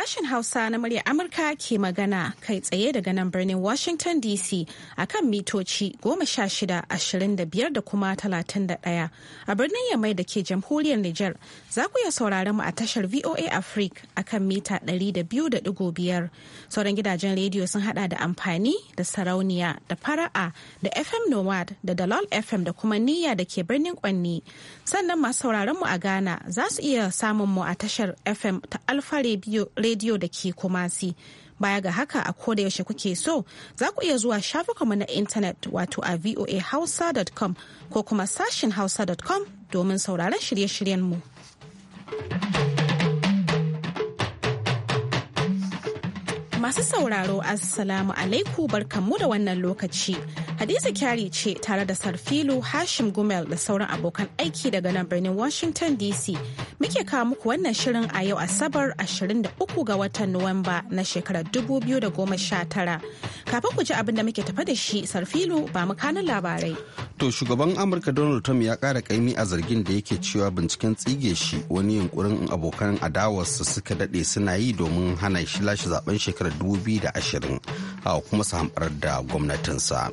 sashen Hausa na murya Amurka ke magana kai tsaye daga nan birnin Washington DC a kan mitoci shida ashirin da kuma 31 a birnin Yamai da ke jamhuriyar Nijar za ku iya sauraron mu a tashar VOA Africa kan mita 200.5 sauran gidajen rediyo sun hada da amfani da sarauniya da fara'a da FM Nomad da Dalol FM da kuma niyya da ke birnin Kwanni sannan masu sauraron mu a Ghana za su iya samun mu a tashar FM ta Alfa Radio rediyo da ke kumasi. Baya ga haka a koda yaushe kuke so za ku iya zuwa shafukanmu na intanet wato a voahausa.com ko kuma sashin hausa.com domin sauraron shirye-shiryenmu. mu. Masu sauraro Assalamu alaikum barkanmu da wannan lokaci. Hadiza kyari ce tare da Sarfilu Hashim Gumel da sauran abokan aiki daga nan birnin Washington DC. Muke kawo muku wannan shirin a yau Asabar 23 ga watan Nuwamba na shekarar 2019. Kafin ku ji abin da muke tafa da shi Sarfilu ba mu kanin labarai. To shugaban Amurka Donald Trump ya kara kaimi a zargin da yake cewa binciken tsige shi wani yunkurin abokan su suka dade suna yi domin hana shi lashe zaben shekarar shekarar 2020 a kuma su hamɓar da gwamnatinsa.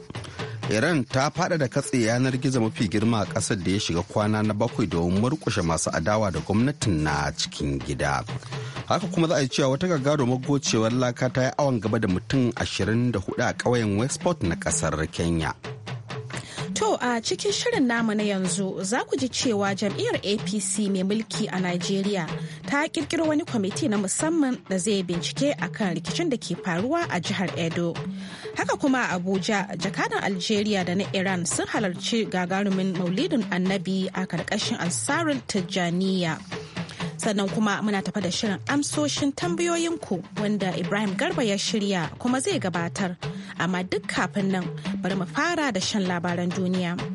Iran ta fada da katse yanar gizo mafi girma a ƙasar da ya shiga kwana na bakwai domin murkushe masu adawa da gwamnatin na cikin gida. Haka kuma za a yi cewa wata gagarumar gocewar laka ta yi awon gaba da mutum 24 a ƙauyen Westport na ƙasar Kenya. To a cikin shirin namu na yanzu za ku ji cewa jam'iyyar APC mai mulki a Najeriya ta kirkiro wani kwamiti na musamman da zai bincike akan rikicin da ke faruwa a jihar Edo. Haka kuma a Abuja, jakadan Algeria da na Iran sun halarci gagarumin maulidin annabi a karkashin ansarin Tijjaniya. sannan kuma muna tafa da shirin amsoshin tambayoyinku wanda ibrahim garba ya shirya kuma zai gabatar amma duk kafin nan bari mu fara da shan labaran duniya.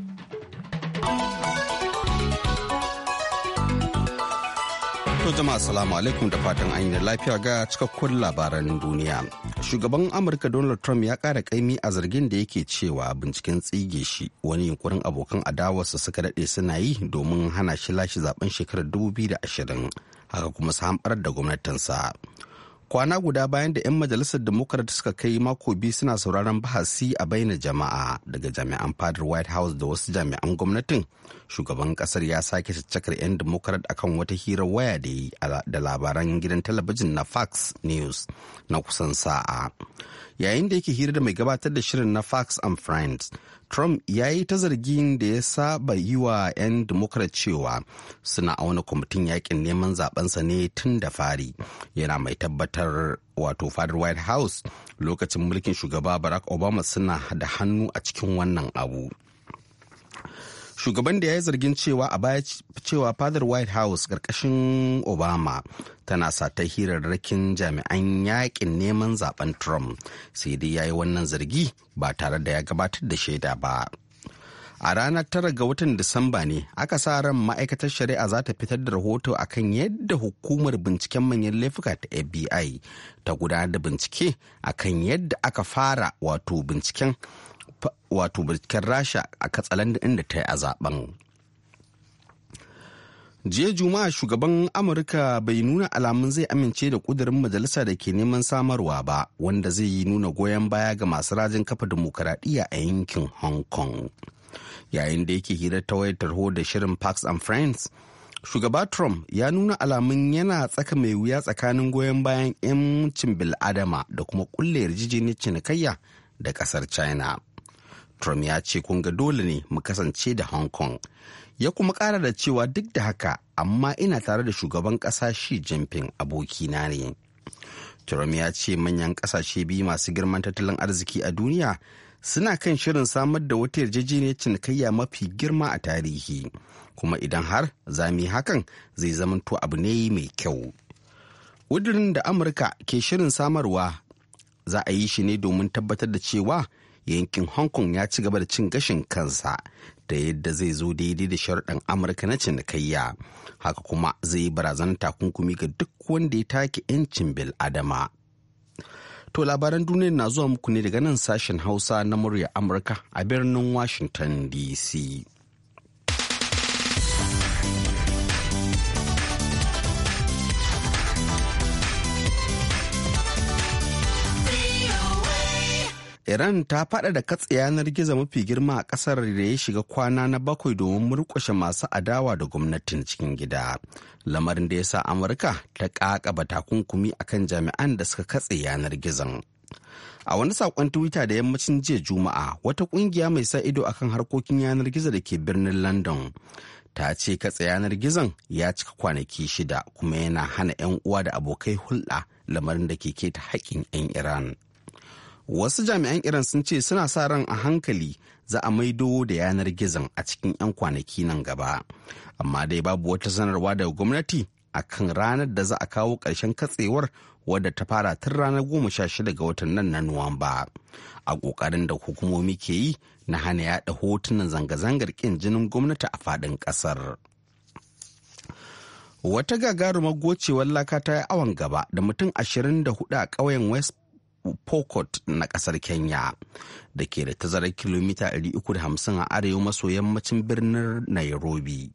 To jama'a salamu alaikum da fatan an yi lafiya ga cikakkun labaran duniya. Shugaban Amurka Donald Trump ya kara kaimi a zargin da yake cewa binciken tsige shi wani yunkurin abokan adawarsa suka daɗe suna yi domin hana shi lashe zaben shekarar 2020 haka kuma su hamɓar da gwamnatinsa. kwana guda bayan da 'yan majalisar democrat suka kai mako biyu suna sauraron bahasi a baina jama'a daga jami'an fadar white house da wasu jami'an gwamnatin shugaban kasar ya sake caccakar 'yan democrat akan wata hirar waya da yi da labaran gidan talabijin na fox news na kusan sa'a yayin da yake hira da mai gabatar da shirin na Fox and Friends. Trump ya yi ta zargin da ya saba yi wa 'yan Democrat cewa suna auna kwamitin yakin neman zabensa ne tun da fari. Yana mai tabbatar wato fadar White House lokacin mulkin shugaba Barack Obama suna da hannu a cikin wannan abu. shugaban da ya yi zargin cewa a baya cewa fadar white house karkashin obama tana sata hirarrakin jami'an yakin neman zaben trump sai dai ya yi wannan zargi ba tare da ya gabatar da shaida ba a ranar tara ga watan disamba ne aka sa ran ma'aikatar shari'a za ta fitar da rahoto akan yadda hukumar binciken manyan laifuka ta fbi ta gudanar da bincike akan yadda aka fara wato binciken wato binciken rasha a katsalan inda ta yi a zaben jiya juma'a shugaban amurka bai nuna alamun zai amince da kudurin majalisa da ke neman samarwa ba wanda zai yi nuna goyon baya ga masu rajin kafa dimokuraɗiyya a yankin hong kong yayin da yake hira ta wayar tarho da shirin parks and friends shugaba trump ya nuna alamun yana tsaka mai wuya tsakanin goyon bayan 'yan 'yancin bil'adama da kuma kulle yarjejeniyar cinikayya da kasar china Trump ya ce kun ga dole ne mu kasance da Hong Kong. Ya kuma ƙara da cewa duk da haka amma ina tare da shugaban ƙasa Xi Jinping abokina ne. Trump ya ce manyan ƙasashe biyu masu girman tattalin arziki a duniya suna kan shirin samar da wata yarjejeniyar cinikayya mafi girma a tarihi. Kuma idan har zami hakan zai zamanto abu ne mai kyau. Wudurin da Amurka ke shirin samarwa za a yi shi ne domin tabbatar da cewa yankin hong kong ya ci gaba da cin gashin kansa da yadda zai zo daidai da sharuɗan amurka na cinikayya haka kuma zai yi barazanar takunkumi ga duk wanda ya take 'yancin bil adama to labaran duniya na zuwa muku ne daga nan sashen hausa na murya amurka a birnin washington dc iran ta fada da katse yanar gizo mafi girma a kasar da ya shiga kwana na bakwai domin murkushe masu adawa da gwamnatin cikin gida lamarin da ya sa amurka ta kakaba takunkumi kan jami'an da suka katse yanar gizon a wani sakon twitter da yammacin jiya juma'a wata ƙungiya mai sa ido akan harkokin yanar gizo da ke birnin london ta ce katse yanar gizon ya cika kwanaki shida kuma yana hana 'yan uwa da abokai hulɗa lamarin da ke keta haƙƙin 'yan iran wasu jami'an iran sun ce suna sa ran a hankali za a maido da yanar gizon a cikin 'yan kwanaki nan gaba amma dai babu wata sanarwa daga gwamnati a kan ranar da za a kawo ƙarshen katsewar wadda ta fara tun ranar goma sha shida ga watan nan na nuwamba a ƙoƙarin da hukumomi ke yi na hana yaɗa hotunan zanga-zangar ƙin jinin gwamnati a faɗin ƙasar wata gagarumar gocewar laka ta yi awon gaba da mutum ashirin da hudu a ƙauyen west pokot na kasar kenya da ke da tazarar kilomita 350 a arewa maso yammacin birnin nairobi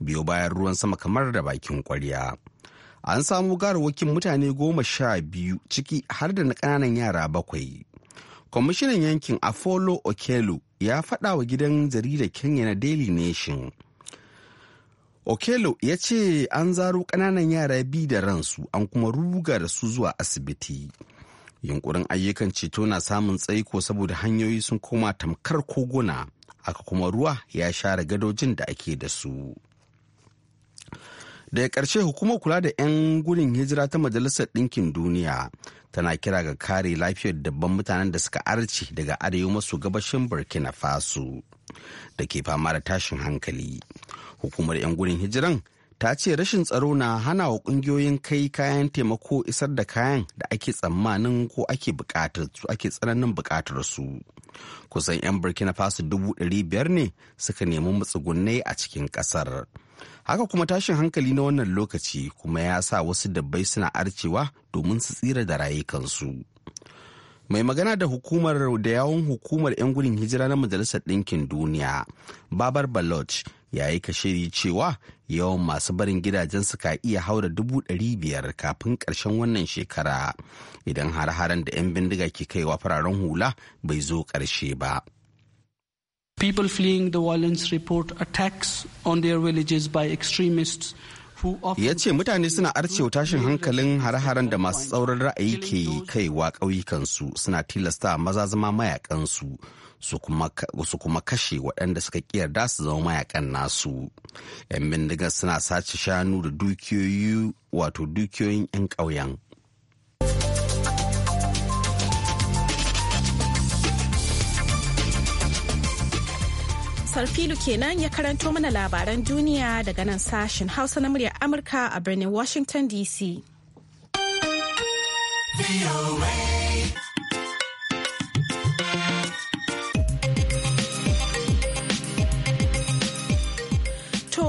biyo bayan ruwan sama kamar da bakin kwarya an samu garawakin mutane goma sha biyu ciki har da na ƙananan yara bakwai kwamishinan yankin afolo okelo ya faɗa wa gidan jaridar kenya na daily nation okelo ya ce an zaro ƙananan yara biyu da ransu an kuma ruga da su zuwa asibiti yunkurin ayyukan ceto na samun tsaiko saboda hanyoyi sun koma tamkar koguna haka kuma ruwa ya share gadojin da ake da su daga ƙarshe hukumar kula da 'yan gudun hijira ta majalisar ɗinkin duniya tana kira ga kare lafiyar dabban mutanen da suka arce daga arewa masu gabashin burkina faso da ke fama da tashin hankali hukumar 'yan gudun hijiran ta ce rashin tsaro na hana wa kungiyoyin kai kayan taimako isar da kayan da ake tsammanin ko ake bukatar ake tsananin bukatar su kusan 'yan burkina faso dubu ɗari biyar ne suka nemi matsugunai a cikin ƙasar haka kuma tashin hankali na wannan lokaci kuma ya sa wasu dabbai suna arcewa domin su tsira da rayukansu mai magana da hukumar da yawon hukumar 'yan gudun hijira na majalisar ɗinkin duniya babar baloch ya yi kashiri cewa yawan masu barin gidajensu ka iya haura dubu ɗari biyar kafin ƙarshen wannan shekara idan har-haren da 'yan bindiga ke kaiwa fararen hula bai zo ƙarshe ba. People fleeing the violence report attacks on their villages by extremists ya ce mutane suna arcewa tashin hankalin hare-haren da masu tsauran ra'ayi ke kaiwa ƙauyukansu suna tilasta maza zama mayakansu su kuma kashe waɗanda suka yarda su zama mayakan nasu. 'Yan bindigar suna sace shanu da dukiyoyi wato dukiyoyin 'yan ƙauyen. Sarfilu kenan ya karanto mana labaran duniya daga nan sashen Hausa na muryar Amurka a birnin Washington DC.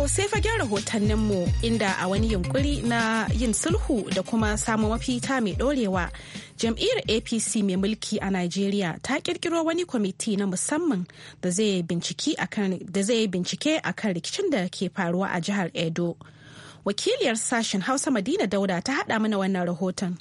To sai fagen rahotanninmu inda a wani yunkuri na yin sulhu da kuma samun mafita mai ɗorewa. Jam'iyyar APC mai mulki a nigeria ta kirkiro wani kwamiti na musamman da zai bincike a kan rikicin da ke faruwa a jihar Edo. Wakiliyar sashen Hausa Madina Dauda ta hada mana wannan rahoton.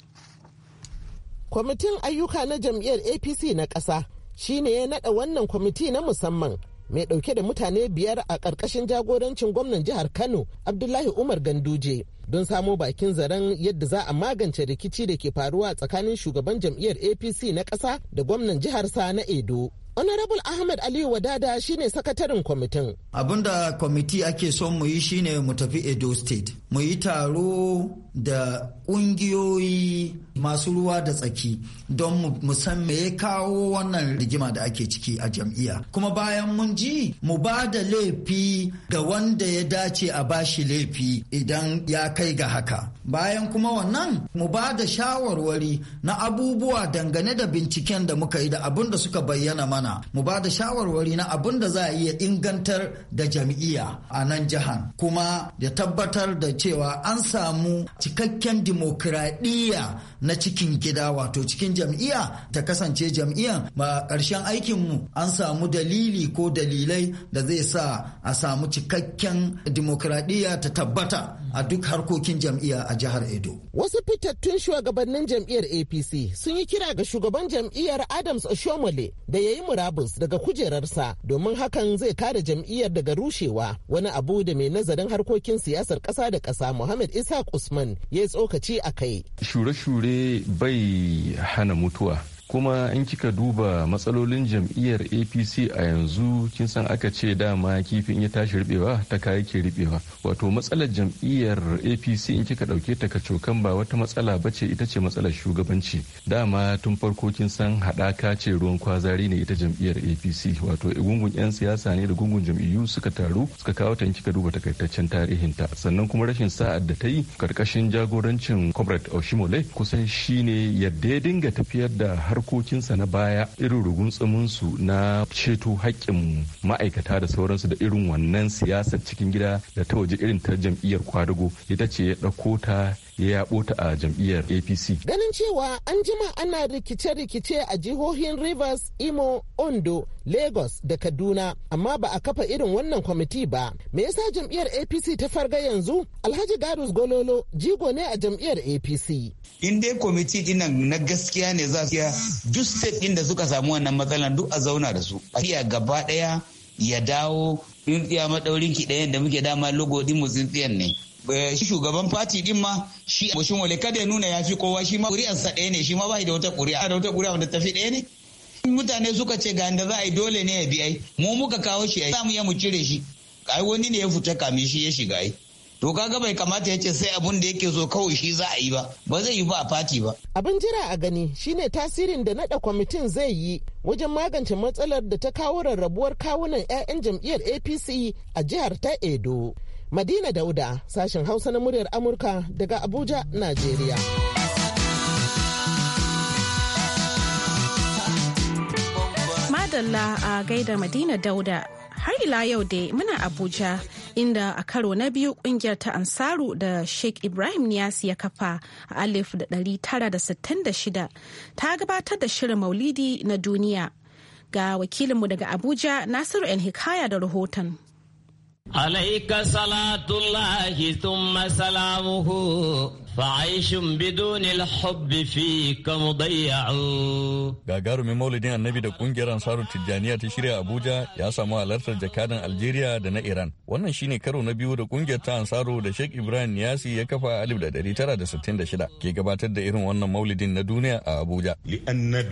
Kwamitin ayyuka na jam'iyyar APC na ƙasa shine ya naɗa wannan kwamiti na musamman mai ɗauke da mutane biyar a ƙarƙashin jagorancin gwamnan jihar Kano Abdullahi Umar Ganduje don samo bakin zaren yadda za a magance rikici da ke faruwa tsakanin shugaban jam'iyyar APC na ƙasa da gwamnan jihar sa na Edo. honorable Ahmad aliyu wadada shine sakataren kwamitin abinda kwamiti ake son mu yi shine mu tafi edo state mu yi taro da ƙungiyoyi masu ruwa da tsaki don mu san me ya kawo wannan rigima da ake ciki a jam'iya. kuma bayan mun ji mu ba da laifi ga wanda ya dace a bashi laifi idan ya kai ga haka bayan kuma wannan mu ba da shawarwari na abubuwa dangane da binciken da muka yi da abin da suka bayyana mana mana mu ba da shawarwari na abin da za a iya ingantar da jam'iyya a nan jihar kuma da tabbatar da cewa an samu cikakken dimokuraɗiyya na cikin gida wato cikin jam'iyya ta kasance jam'iyyar ba ƙarshen aikinmu an samu dalili ko dalilai da zai sa a samu cikakken dimokuraɗiyya ta tabbata a duk harkokin jam'iyya a jihar Edo. Wasu fitattun shugabannin jam'iyyar APC sun yi kira ga shugaban jam'iyyar Adams Oshomole da ya yi murabus daga kujerarsa domin hakan zai kare jam'iyyar daga rushewa wani abu da mai nazarin harkokin siyasar ƙasa da ƙasa Muhammad Isa Usman ya tsokaci a kai. Shure-shure bai hana mutuwa kuma in kika duba matsalolin jam'iyyar apc a yanzu kin san aka ce dama kifi in ya tashi ribewa ta kayi ke ribewa wato matsalar jam'iyyar apc in kika dauke ta cokan ba wata matsala ba ce ita ce matsalar shugabanci dama tun farko kin san haɗaka ce ruwan kwazari ne ita jam'iyyar apc wato gungun 'yan siyasa ne da gungun jam'iyyu suka taru suka kawo ta in kika duba takaitaccen tarihinta sannan kuma rashin sa'a da ta yi karkashin jagorancin comrade oshimole kusan shine yadda ya dinga tafiyar da har harkokinsa na baya irin rugun rugunsuminsu na ceto haƙƙin ma'aikata da sauransu da irin wannan siyasar cikin gida da ta waje irin ta jam'iyyar kwadago ita ce ya ɗauko ta ya yabo ta a jam'iyyar apc ganin cewa an jima ana rikice-rikice a jihohin rivers imo ondo lagos da kaduna amma ba a kafa irin wannan kwamiti ba me yasa jam'iyyar apc ta farga yanzu alhaji garus gololo jigo ne a jam'iyyar apc in dai kwamiti dinan na gaskiya ne za su duk state din da suka samu wannan matsalan duk a zauna da su a iya gaba daya ya dawo tsintsiya madaurin ki ɗayan da muke dama logo din mu tsintsiyan ne Eh, shi shugaban fati din ma shi bushin wale kada ya nuna ya fi kowa shi ma ƙuri'arsa ɗaya ne shi ma ba da wata ƙuri'a da wata kuri'a wanda fi ɗaya ne mutane suka ce ga da za a yi dole ne ya bi ai mu muka kawo shi ai za mu iya mu cire shi ai wani ne ya fita kami shi ya shiga ai to kaga bai kamata ya ce sai abun da yake so kawai shi za a yi ba ba zai yi ba a fati ba abin jira a gani shine tasirin da nada kwamitin zai yi wajen magance matsalar da ta kawo rarrabuwar kawunan 'ya'yan jam'iyyar apc a jihar ta edo Madina Dauda, sashen Hausa na muryar Amurka daga Abuja, Najeriya. Madalla a gaida Madina Dauda. Har ila yau dai muna Abuja inda a karo na biyu kungiyar ta Ansaru da Sheikh Ibrahim Niyasi ya kafa a alif da tara da sittin da shida ta gabatar da shirin maulidi na duniya. Ga wakilinmu daga Abuja Nasiru El Hikaya da rahoton. عليك صلاة الله ثم سلامه فعيش بدون الحب فيك مضيع gagarumin maulidin annabi da kungiyar ansaru tijjaniya ta shirya abuja ya samu halartar jakadan algeria da na iran wannan shine karo na biyu da kungiyar ta ansaru da sheikh ibrahim niyasi ya kafa a 1966 ke gabatar da irin wannan maulidin na duniya a abuja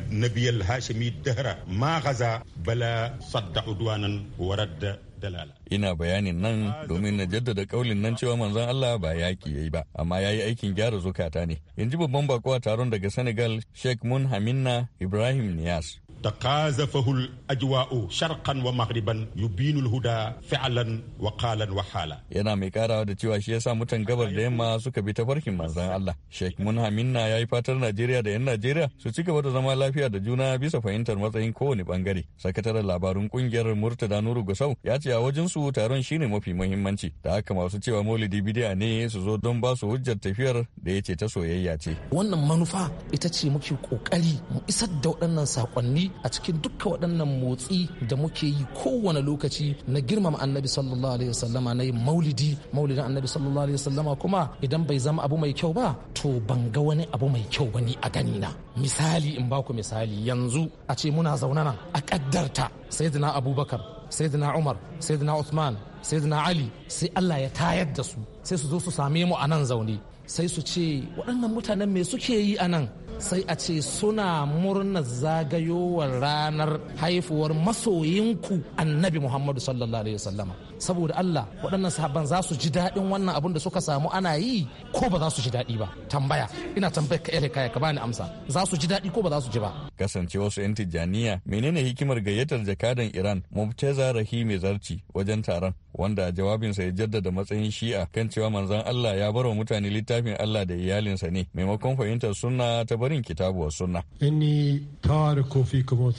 nabiy al hashimi dahra ma gaza bala sadda udwanan radda dalala ina bayanin nan domin na jaddada kaulin nan cewa manzon Allah ba yaki yayi ba amma yayi aikin gyara zukata ne in ji babban bako a taron daga Senegal Sheikh Mun Haminna Ibrahim Nias تقاذفه الأجواء شرقا ومغربا يبين الهدى فعلا وقالا وحالا yana mai karawa da cewa shi yasa mutan gabar da yamma suka bi ta farkin manzon Allah Sheikh Munhamin na yayi fatar Najeriya da yan Najeriya su ci gaba da zama lafiya da juna bisa fahimtar matsayin kowane bangare sakataren labarun kungiyar murtala Nuru Gusau ya ce a wajen su taron shine mafi muhimmanci da haka masu cewa Maulidi bidiya ne su zo don ba su hujjar tafiyar da ya ce ta soyayya ce wannan manufa ita ce muke ƙoƙari mu isa da waɗannan sakonni a cikin dukkan waɗannan motsi da muke yi kowane lokaci na girmama annabi sallallahu alaihi wasallama na yin maulidi maulidin annabi sallallahu alaihi wasallama kuma idan bai zama abu mai kyau ba to ban ga wani abu mai kyau ba ni a gani na misali in ba ku misali yanzu a ce muna zaune nan a kaddarta sayyidina abubakar sayyidina umar sayyidina usman sayyidina ali sai allah ya tayar da su sai su zo su same mu a nan zaune sai su ce waɗannan mutanen me suke yi a nan sai a ce suna murnar zagayowar ranar haifuwar masoyinku annabi muhammadu sallallahu alaihi wasallama saboda Allah waɗannan sahabban za su ji daɗin wannan abin da suka samu ana yi ko ba za su ji daɗi ba tambaya ina tambayar ka ele kaya ka bani amsa za su ji daɗi ko ba za su ji ba kasance wasu yan tijjaniya menene hikimar gayyatar jakadan Iran Mubtaza Rahimi Zarci wajen taron wanda a jawabinsa ya jaddada matsayin Shi'a kan cewa manzon Allah ya bar wa mutane littafin Allah da iyalinsa ne maimakon fahimtar sunna ta barin kitabu wa sunna inni tariku fikum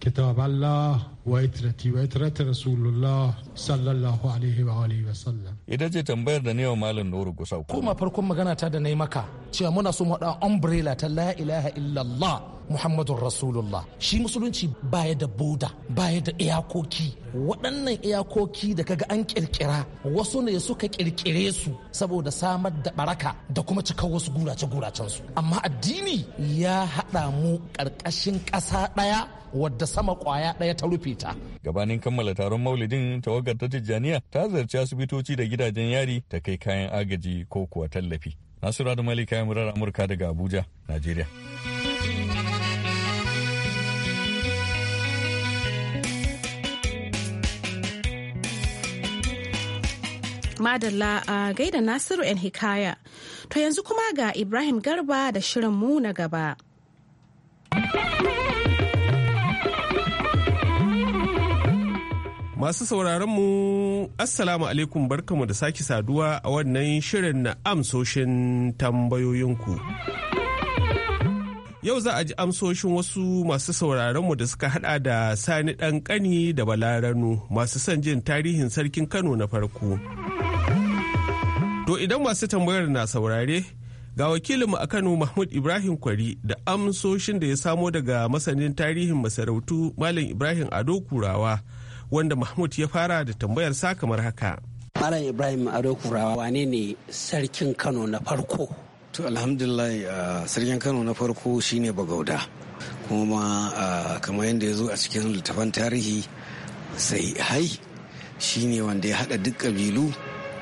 kitab Allah waitrati waitrati rasulullah sallallahu alaihi wa alihi wa sallam ita je tambayar da ne wa malam nuru gusau kuma farkon magana ta da nayi maka cewa muna so mu da umbrella ta la ilaha illallah muhammadun rasulullah shi musulunci baya da boda baya da iyakoki waɗannan iyakoki da kaga an ƙirƙira wasu ne suka ƙirƙire su saboda samar da baraka da kuma cikar wasu gurace guracen su amma addini ya haɗa mu ƙarƙashin ƙasa ɗaya wadda sama ƙwaya ɗaya ta rufe ta gabanin kammala taron maulidin tawagar ta tijjaniya ta zarci asibitoci da gidajen yari ta kai kayan agaji ko kuwa tallafi Nasiru Adamali kayan murar Amurka daga Abuja, Najeriya. Madalla a gaida Nasiru ‘yan Hikaya. To yanzu kuma ga Ibrahim Garba da shirin mu na gaba. Masu sauraron mu Assalamu alaikum barkamu da sake saduwa a wannan shirin na amsoshin tambayoyinku. Yau za a ji amsoshin wasu masu mu da suka hada da Sani Ɗanƙani da Balaranu masu son jin tarihin sarkin Kano na farko. To idan masu tambayar na saurare ga wakilinmu a Kano Mahmud Ibrahim Kwari da amsoshin da ya samo daga masanin tarihin masarautu Malam Ibrahim Ado Kurawa wanda Mahmud ya fara da tambayar sa kamar haka. Malam Ibrahim Ado Kurawa wane ne sarkin Kano na farko? To alhamdulillah uh, sarkin Kano na farko shine Bagauda kuma uh, kamar yadda ya zo a cikin littafan tarihi sai hai shine wanda ya haɗa duk kabilu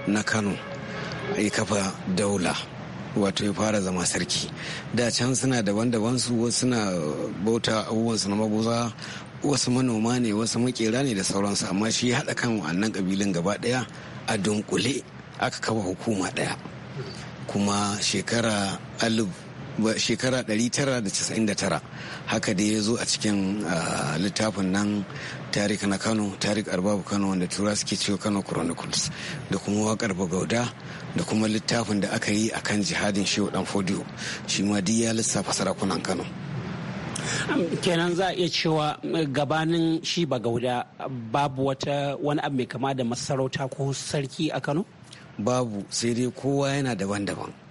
na Kano. ya kafa daula wato ya fara zama sarki da can suna daban-daban su wasu suna bauta abubuwansu na maguza wasu manoma ne wasu makera ne da sauransu amma shi ya haɗa kan wannan ƙabilun gaba ɗaya a dunkule aka kafa hukuma ɗaya kuma shekara alif shekara 999 haka da ya zo a cikin littafin nan tarik na kano tarik arbabu kano wanda tura suke cewa kano chronicles da kuma wakar bagauda da kuma littafin da aka yi akan jihadin shehu dan fodiyo shi ma duk ya lissafa sarakunan kano kenan za a iya cewa eh, gabanin shi bagauda babu wata wani abu mai kama da masarauta ko sarki a kano babu sai dai kowa yana daban-daban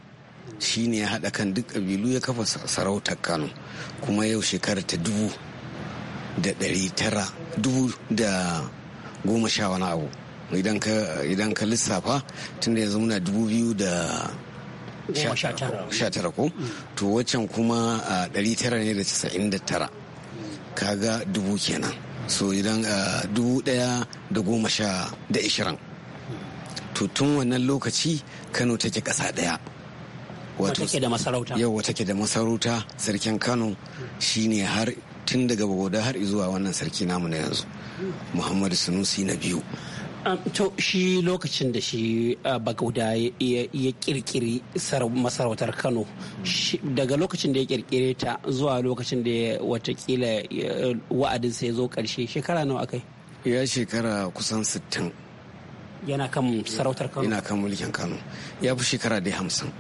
shine ya haɗa kan duk ƙabilu ya kafa sarautar kano kuma yau shekarar ta dubu da ɗari tara dubu da goma sha wani abu idan ka lissafa tunda yanzu muna dubu biyu da sha tara ko to waccan kuma ɗari tara ne da casa'in da tara kaga dubu kenan so idan dubu ɗaya da goma sha da ishirin to tun wannan lokaci kano take ƙasa ɗaya yau wata da masarauta da masarauta sarkin Kano shine har tun daga bagoda har zuwa wannan sarki namu na yanzu Muhammadu Sunusi na biyu um, to shi lokacin da shi uh, bagoda ya kirkiri masarautar kano daga lokacin da ya kirkire ta zuwa lokacin da watakila wa'adinsa ya zo karshe shekara nawa akai ya shekara kusan 60 yana kan sarautar kano yana kan mulkin kano ya fi shekara da hamsin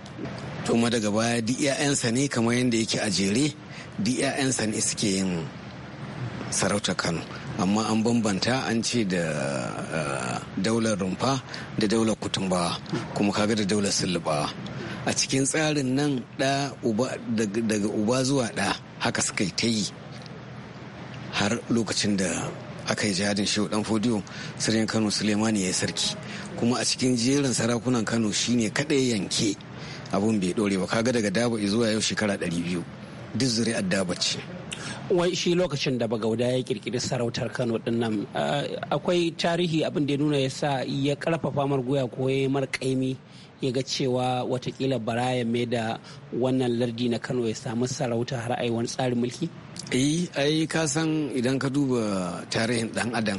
To kuma daga baya duk 'ya'yansa ne kamar yadda yake a jere duk 'ya'yansa ne suke yin sarautar kano amma an bambanta an ce da eh, daular rumfa da daular kutumbawa kuma kaga da daular sulubawa a cikin tsarin nan daga uba zuwa da haka suka yi ta yi har lokacin da aka yi jihadin shehu dan fodiyo sarkin kano sulemani ya yi sarki kuma a cikin jerin sarakunan kano shine kaɗai yanke abun bai ɗore ba kaga daga daba zuwa yau shekara ɗari biyu duk zuri'ar daba ce wai shi lokacin da bagauda ya kirkiri sarautar kano din nan eh, akwai tarihi abin da ya nuna ya sa ya karfafa mar ko ya mar kaimi ya ga cewa watakila bara mai da wannan lardi na kano ya samu sarauta har ai wani tsarin mulki eh ai ka san idan ka duba tarihin dan adam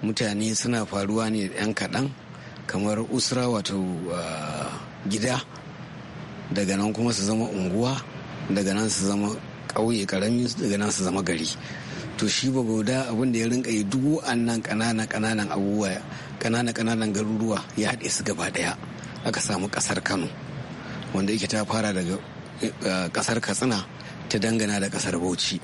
mutane suna faruwa ne yan kaɗan kamar usra wato ah, gida daga nan kuma su zama unguwa daga nan su zama ƙauye karami daga nan su zama gari to shi ba gauda abin da ya rinka yi duk wa'annan ƙananan ƙananan abubuwa ƙananan ƙananan garuruwa ya haɗe su gaba ɗaya aka samu ƙasar kano wanda yake ta fara daga eh, ƙasar katsina ta dangana da ƙasar bauchi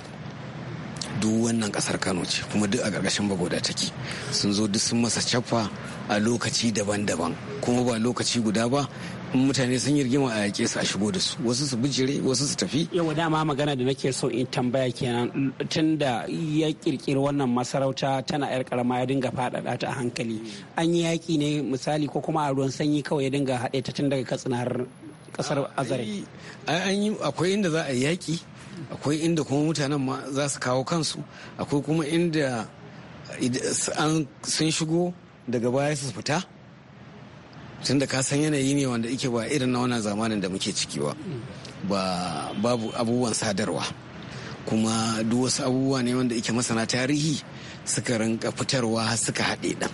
duk wannan kasar kano ce kuma duk a ƙarƙashin bagoda take sun zo duk sun masa cafa a lokaci daban-daban kuma ba lokaci guda ba mutane sun yi rigima a yaƙe su a shigo da su wasu su bijire wasu su tafi yau dama magana da nake so in tambaya kenan tun da ya kirkiri wannan masarauta tana yar karama ya dinga faɗaɗa ta a hankali an yi yaƙi ne misali ko kuma a ruwan sanyi kawai ya dinga haɗe ta tun daga katsina har kasar azare akwai inda za a yi yaƙi akwai inda kuma mutanen ma za su kawo kansu akwai kuma inda sun shigo daga baya su fita tun da ka san yanayi ne wanda ike ba irin na wannan zamanin da muke ciki ba ba babu abubuwan sadarwa kuma duk wasu abubuwa ne wanda ike masana tarihi suka rinka fitarwa suka haɗe ɗan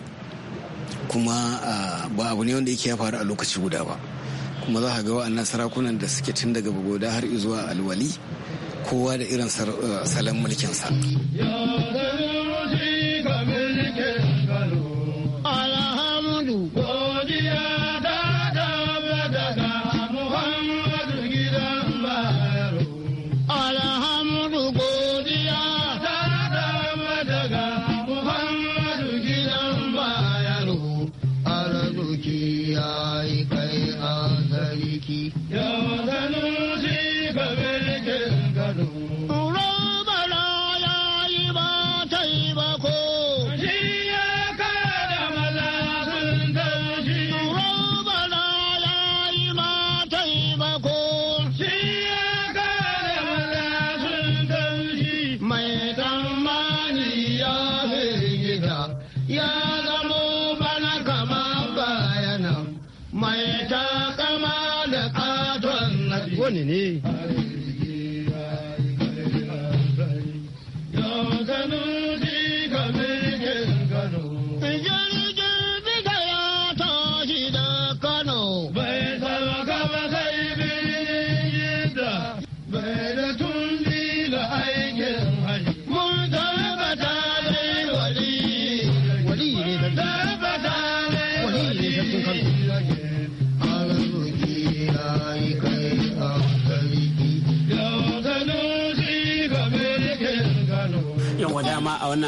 kuma ba abu ne wanda yake ya faru a lokaci guda ba kuma za ka ga wa'annan sarakunan da suke tun daga bugoda har zuwa alwali kowa da irin eh, salon mulkinsa.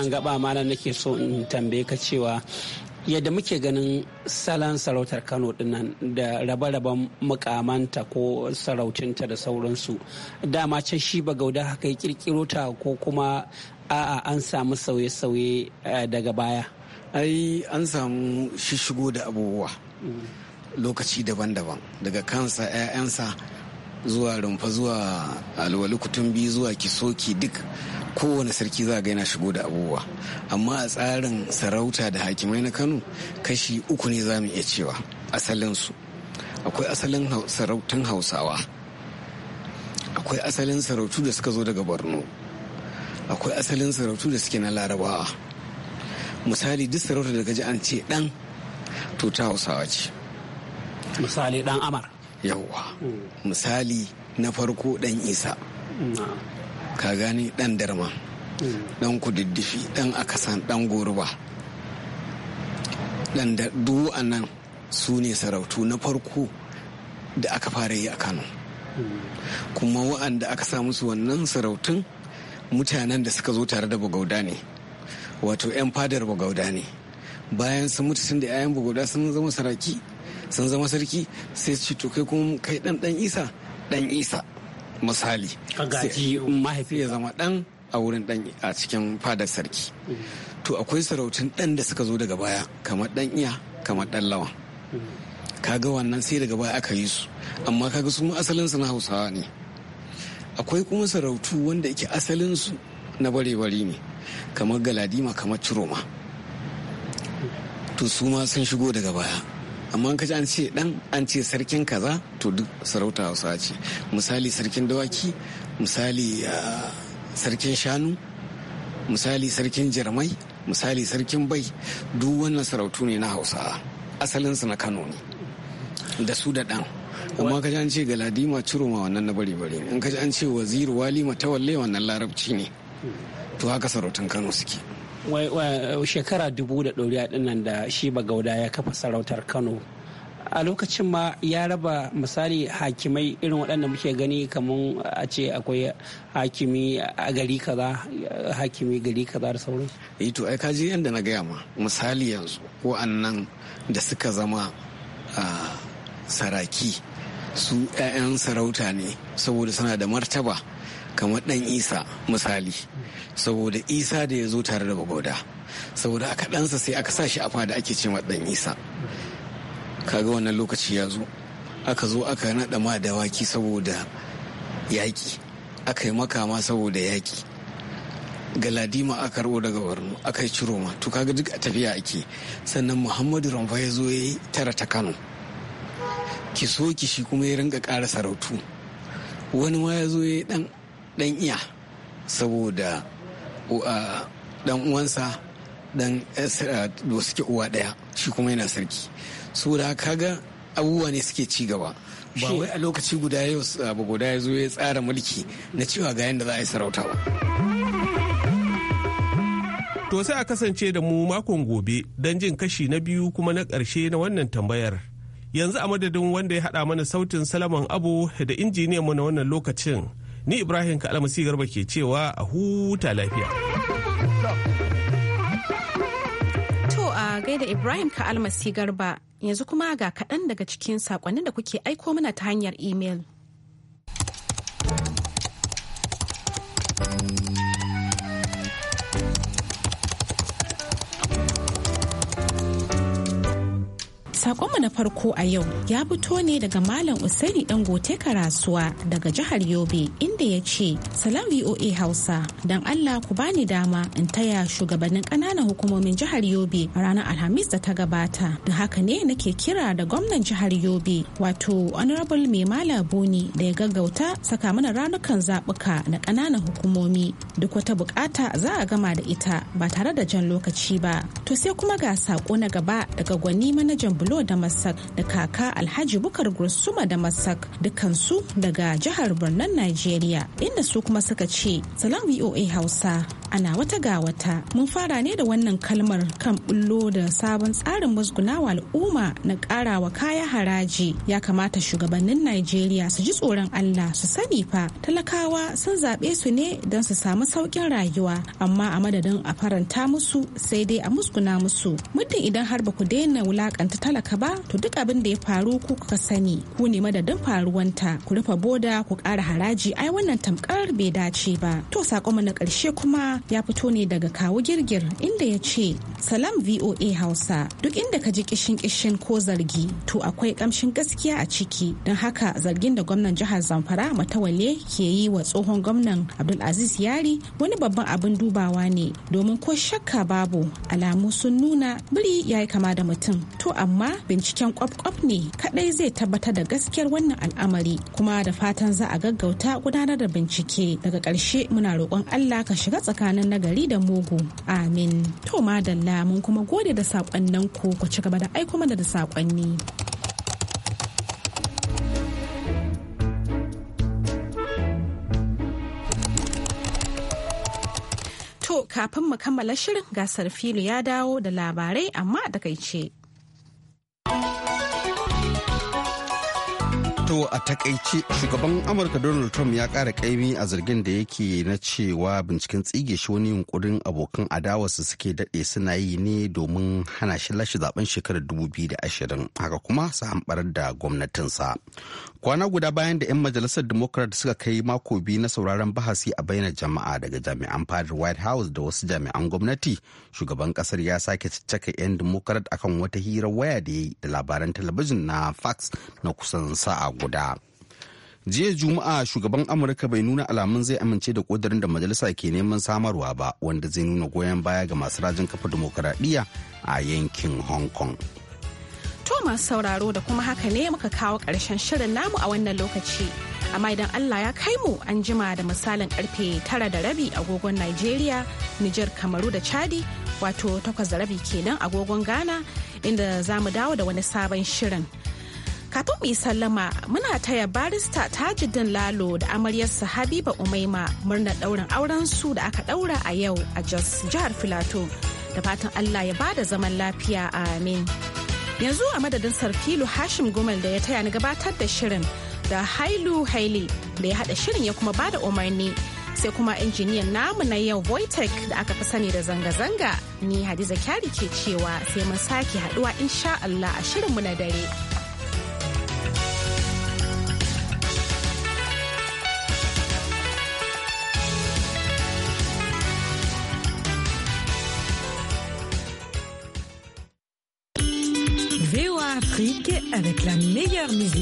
wannan gaba ma nake so in tambaye ka cewa yadda muke ganin salon sarautar kano dinnan da rabe-raben mukamanta ko sarautinta da sauransu dama can shi ba gauda haka ya kirkiro ta ko kuma a'a an samu sauye-sauye eh, daga baya ai an samu shishigo da abubuwa lokaci daban-daban daga kansa 'ya'yansa zuwa rumfa zuwa alwali kutumbi zuwa kisoki duk kowane sarki za ga yana shigo da abubuwa amma a tsarin sarauta da hakimai na kano kashi uku ne za mu iya cewa asalinsu akwai asalin sarautun hausawa akwai asalin sarautu da suka zo daga borno akwai asalin sarautu da suke na larabawa misali duk sarauta da gaji an ce dan to ta hausawa ce misali dan amar yawwa hmm. misali na farko dan isa ka gani dan darma dan kududdufi dan akasan dan goruba dan a nan su ne sarautu na farko da aka fara yi a kano kuma wa'anda aka sa musu wannan sarautun mutanen da suka zo tare da bugauda ne wato 'yan fadar bugauda ne bayan sun mutu sun da 'ya'yan bugauda sun zama saraki sun zama sarki sai su ce to kai kuma kai dan dan isa dan isa misali mahaifi ya zama dan a wurin dan a cikin fadar sarki to akwai sarautun dan da suka zo daga baya kamar dan iya kamar dan lawan kaga wannan sai daga baya aka yi su amma kaga su asalin su na hausawa ne akwai kuma sarautu wanda yake asalin su na bare-bare ne kamar galadima kamar ciroma to su ma sun shigo daga baya amma ka ji an ce dan an ce sarkin kaza to duk sarauta hausa ce misali sarkin dawaki misali ah, sarkin shanu misali sarkin jirmai misali sarkin bai duk wannan sarautu ne na hausa asalinsu na kano ne da su da dan amma ka ji an ce galadima ciroma wannan na bari bari in ka an ce walima walima matawalle wannan larabci ne to haka sarautun kano suke shekara dubu da ɗoriya ɗinnan da shi gauda ya kafa sarautar kano a lokacin ma ya raba misali hakimai irin waɗanda muke gani kamar a ce akwai hakimi a gari kaza hakimi gari kaza da sauran yi eh to ai kaji yadda na gaya ma misali yanzu wa'annan da suka zama saraki su 'ya'yan sarauta ne saboda suna da martaba kamar dan isa misali saboda isa da ya zo tare da bagoda saboda aka ɗansa sai aka sa shi a fada ake ce dan isa kaga wannan lokaci ya zo aka zo aka naɗa ma dawaki saboda yaƙi aka yi makama saboda yaƙi galadima aka karɓo daga barno aka yi ciro ma to kaga duk a tafiya ake sannan muhammadu ramfa ya zo ya yi tara ta kano ki ki shi kuma ya ringa ƙara sarautu wani ma ya zo ya yi ɗan Ɗan iya saboda dan uwansa dan eh, eh, da suke uwa ɗaya shi kuma yana sarki saboda kaga abubuwa ne suke ci gaba ba wai a lokaci guda yau abu guda ya zo ya tsara mulki na cewa ga yadda za a yi sarauta ba to sai a kasance da mu makon gobe don jin kashi na biyu kuma na ƙarshe na wannan tambayar yanzu a madadin wanda ya haɗa mana sautin salaman abu da mu na wannan lokacin Ni Ibrahim Kalmasi Garba ke cewa a huta lafiya. To a gaida Ibrahim ka almasi Garba yanzu kuma ga kaɗan daga cikin saƙonnin da kuke aiko mana ta hanyar imel. Sakonmu na farko a yau ya fito ne daga Malam Usaini Dangote Karasuwa daga jihar Yobe inda ya ce, Salam VOA Hausa, don Allah ku bani dama in taya shugabannin ƙananan hukumomin jihar Yobe a ranar Alhamis da ta gabata. Da haka ne nake kira da gwamnan jihar Yobe, wato Honorable Mai Mala Boni da ya gaggauta saka mana ranukan zaɓuka na ƙananan hukumomi. Duk wata buƙata za a gama da ita ba tare da jan lokaci ba. To sai kuma ga sako na gaba daga gwani manajan Bulo Lalo da Masak da kaka Alhaji Bukar Gursuma da Masak dukansu daga jihar Birnin Najeriya inda su kuma suka ce salam VOA Hausa ana wata ga wata mun fara ne da wannan kalmar kan bullo da sabon tsarin musgunawa al'umma na karawa kaya haraji ya kamata shugabannin Najeriya su ji tsoron Allah su sani fa talakawa sun zaɓe su ne don su samu saukin rayuwa amma a madadin a faranta musu sai dai a musguna musu muddin idan har ba ku daina wulakanta talaka haka ba to duk abin da ya faru ku kuka sani ku ne madadin faruwanta ku rufe boda ku ƙara haraji ai wannan tamkar bai dace ba to sakonmu na ƙarshe kuma ya fito ne daga kawo girgir inda ya ce Salam VOA Hausa duk inda ka ji kishin kishin ko zargi to akwai kamshin gaskiya a ciki don haka zargin da gwamnan jihar Zamfara Matawalle ke yi wa tsohon gwamnan Abdulaziz Yari wani babban abin dubawa ne domin ko shakka babu alamu sun nuna biri ya yi kama da mutum to amma binciken kwaf ne kadai zai tabbatar da gaskiyar wannan al'amari kuma da fatan za a gaggauta gudanar da bincike daga ƙarshe muna roƙon Allah ka shiga tsakanin nagari da mugu amin to madalla tambaya mun kuma gode da saƙonninku ku ku ci gaba da aiko mana da saƙonni. To kafin mu kammala shirin gasar filu ya dawo da labarai amma takaice. To a takaice shugaban Amurka Donald Trump ya kara kaimi a zargin da yake na cewa binciken tsige shi wani yunkurin abokan adawarsa suke daɗe suna yi ne domin hana shi lashe zaben shekarar 2020 haka kuma su hamɓarar da gwamnatinsa. kwana guda bayan da 'yan majalisar democrat suka kai mako biyu na sauraron bahasi a bainar jama'a daga jami'an fadar white house da wasu jami'an gwamnati shugaban kasar ya sake caccaka 'yan democrat akan wata hirar waya da ya yi da labaran talabijin na fax na kusan sa'a guda jiya juma'a shugaban amurka bai nuna alamun zai amince da kudirin da majalisa ke neman samarwa ba wanda zai nuna goyon baya ga masu rajin kafa dimokuraɗiyya a yankin hong kong To masu sauraro da kuma haka ne muka kawo ƙarshen shirin namu a wannan lokaci. Amma idan Allah ya kai mu an jima da misalin karfe tara da rabi agogon nigeria Nijar, Kamaru da Chadi, wato takwas da rabi kenan agogon Ghana inda za mu dawo da wani sabon shirin. Kafin mu yi sallama muna taya barista tajidin Lalo da amaryar amaryarsa Habiba Umaima murnar ɗaurin aurensu da aka ɗaura a yau a Jos jihar Filato. Da fatan Allah ya bada zaman lafiya amin. yanzu a madadin sarfilu hashim gumel da ya taya ni gabatar da shirin da hailu haile da ya hada shirin ya kuma bada umarni sai kuma injiniyan namu na yau voitech da aka fi sani da zanga-zanga ni hadiza kyari ke cewa sai mun sake haduwa insha Allah a mu na dare. avec la meilleure musique.